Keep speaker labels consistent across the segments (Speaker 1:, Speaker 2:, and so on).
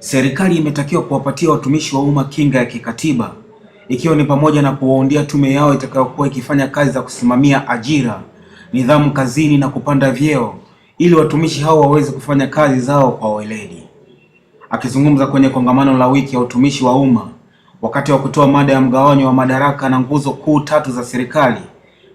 Speaker 1: Serikali imetakiwa kuwapatia watumishi wa umma kinga ya kikatiba ikiwa ni pamoja na kuwaundia tume yao itakayokuwa ikifanya kazi za kusimamia ajira, nidhamu kazini na kupanda vyeo ili watumishi hao waweze kufanya kazi zao kwa weledi. Akizungumza kwenye kongamano la wiki ya utumishi wa umma wakati wa kutoa mada ya mgawanyo wa madaraka na nguzo kuu tatu za serikali,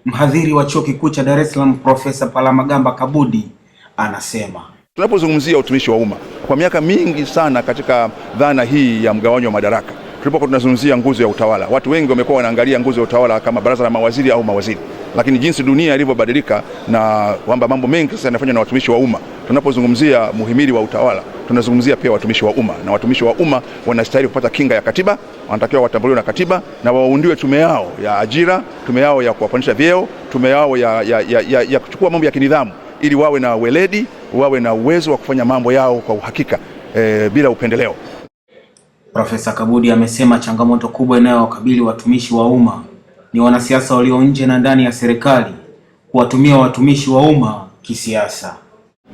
Speaker 1: mhadhiri wa Chuo Kikuu cha Dar es Salaam Profesa Palamagamba Kabudi anasema
Speaker 2: tunapozungumzia utumishi wa umma kwa miaka mingi sana katika dhana hii ya mgawanyo wa madaraka. Tulipokuwa tunazungumzia nguzo ya utawala, watu wengi wamekuwa wanaangalia nguzo ya utawala kama baraza la mawaziri au mawaziri, lakini jinsi dunia ilivyobadilika na kwamba mambo mengi sasa yanafanywa na watumishi wa umma, tunapozungumzia muhimili wa utawala tunazungumzia pia watumishi wa umma, na watumishi wa umma wanastahili kupata kinga ya katiba, wanatakiwa watambuliwe na katiba na waundiwe tume yao ya ajira, tume yao ya kuwapandisha vyeo, tume yao ya, ya, ya, ya, ya kuchukua mambo ya kinidhamu ili wawe na weledi wawe na uwezo wa kufanya mambo yao kwa uhakika e, bila upendeleo.
Speaker 1: Profesa Kabudi amesema changamoto kubwa inayowakabili watumishi wa umma ni wanasiasa walio nje na ndani ya serikali kuwatumia watumishi wa umma kisiasa.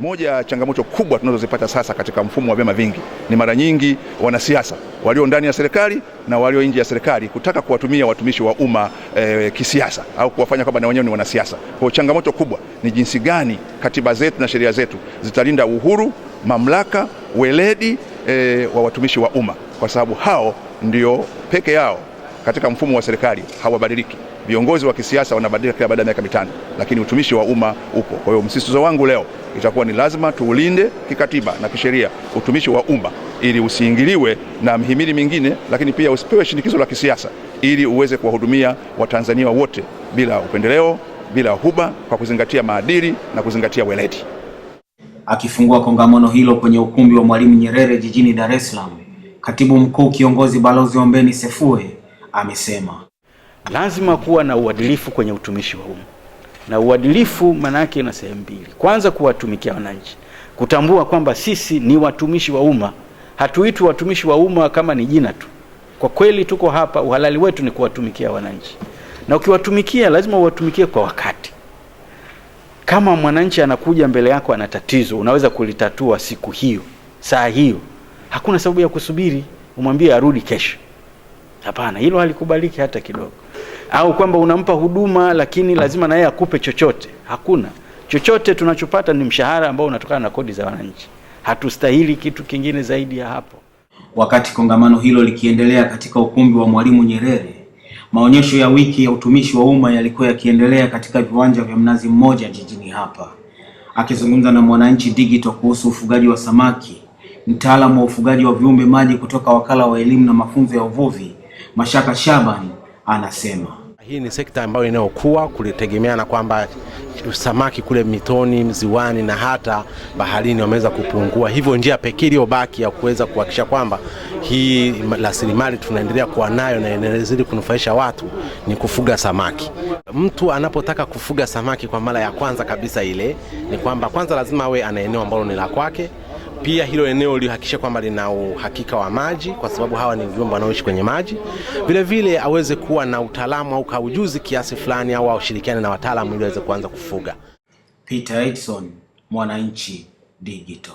Speaker 2: Moja ya changamoto kubwa tunazozipata sasa katika mfumo wa vyama vingi ni mara nyingi wanasiasa walio ndani ya serikali na walio nje ya serikali kutaka kuwatumia watumishi wa umma e, kisiasa au kuwafanya kwamba na wenyewe ni wanasiasa. Kwa changamoto kubwa ni jinsi gani katiba zetu na sheria zetu zitalinda uhuru, mamlaka, weledi e, wa watumishi wa umma, kwa sababu hao ndio peke yao katika mfumo wa serikali hawabadiliki. Viongozi wa kisiasa wanabadilika kila baada ya miaka mitano, lakini utumishi wa umma upo. Kwa hiyo msisitizo wangu leo itakuwa ni lazima tuulinde kikatiba na kisheria utumishi wa umma ili usiingiliwe na mhimili mingine, lakini pia usipewe shinikizo la kisiasa ili uweze kuwahudumia Watanzania wote bila upendeleo, bila huba, kwa kuzingatia maadili na kuzingatia weledi.
Speaker 1: Akifungua kongamano hilo kwenye ukumbi wa Mwalimu Nyerere jijini Dar es Salaam, Katibu Mkuu Kiongozi Balozi Ombeni Sefue amesema
Speaker 3: lazima kuwa na uadilifu kwenye utumishi wa umma, na uadilifu maana yake ina sehemu mbili. Kwanza, kuwatumikia wananchi, kutambua kwamba sisi ni watumishi wa umma. Hatuitwi watumishi wa umma kama ni jina tu, kwa kweli tuko hapa, uhalali wetu ni kuwatumikia wananchi, na ukiwatumikia lazima uwatumikie kwa wakati. Kama mwananchi anakuja mbele yako ana tatizo, unaweza kulitatua siku hiyo, saa hiyo. Hakuna sababu ya kusubiri umwambie arudi kesho. Hapana, hilo halikubaliki hata kidogo. Au kwamba unampa huduma lakini lazima na yeye akupe chochote. Hakuna chochote. Tunachopata ni mshahara ambao unatokana na kodi za wananchi. Hatustahili kitu kingine zaidi ya hapo.
Speaker 1: Wakati kongamano hilo likiendelea katika ukumbi wa Mwalimu Nyerere, maonyesho ya wiki ya utumishi wa umma yalikuwa yakiendelea katika viwanja vya Mnazi Mmoja jijini hapa. Akizungumza na Mwananchi Digital kuhusu ufugaji wa samaki, mtaalamu wa ufugaji wa viumbe maji kutoka Wakala wa Elimu na Mafunzo ya Uvuvi Mashaka Shabani anasema
Speaker 4: hii ni sekta ambayo inayokuwa kulitegemea na kwamba samaki kule mitoni, mziwani na hata baharini wameweza kupungua, hivyo njia pekee iliyobaki ya kuweza kuhakikisha kwamba hii rasilimali tunaendelea kuwa nayo na inazidi kunufaisha watu ni kufuga samaki. Mtu anapotaka kufuga samaki kwa mara ya kwanza kabisa, ile ni kwamba kwanza lazima awe ana eneo ambalo ni la kwake pia hilo eneo lihakikishe kwamba lina uhakika wa maji, kwa sababu hawa ni viumbe wanaoishi kwenye maji. Vilevile aweze kuwa na utaalamu au kaujuzi kiasi fulani, au ashirikiane na wataalamu ili aweze kuanza kufuga.
Speaker 1: Peter Edson, Mwananchi Digital.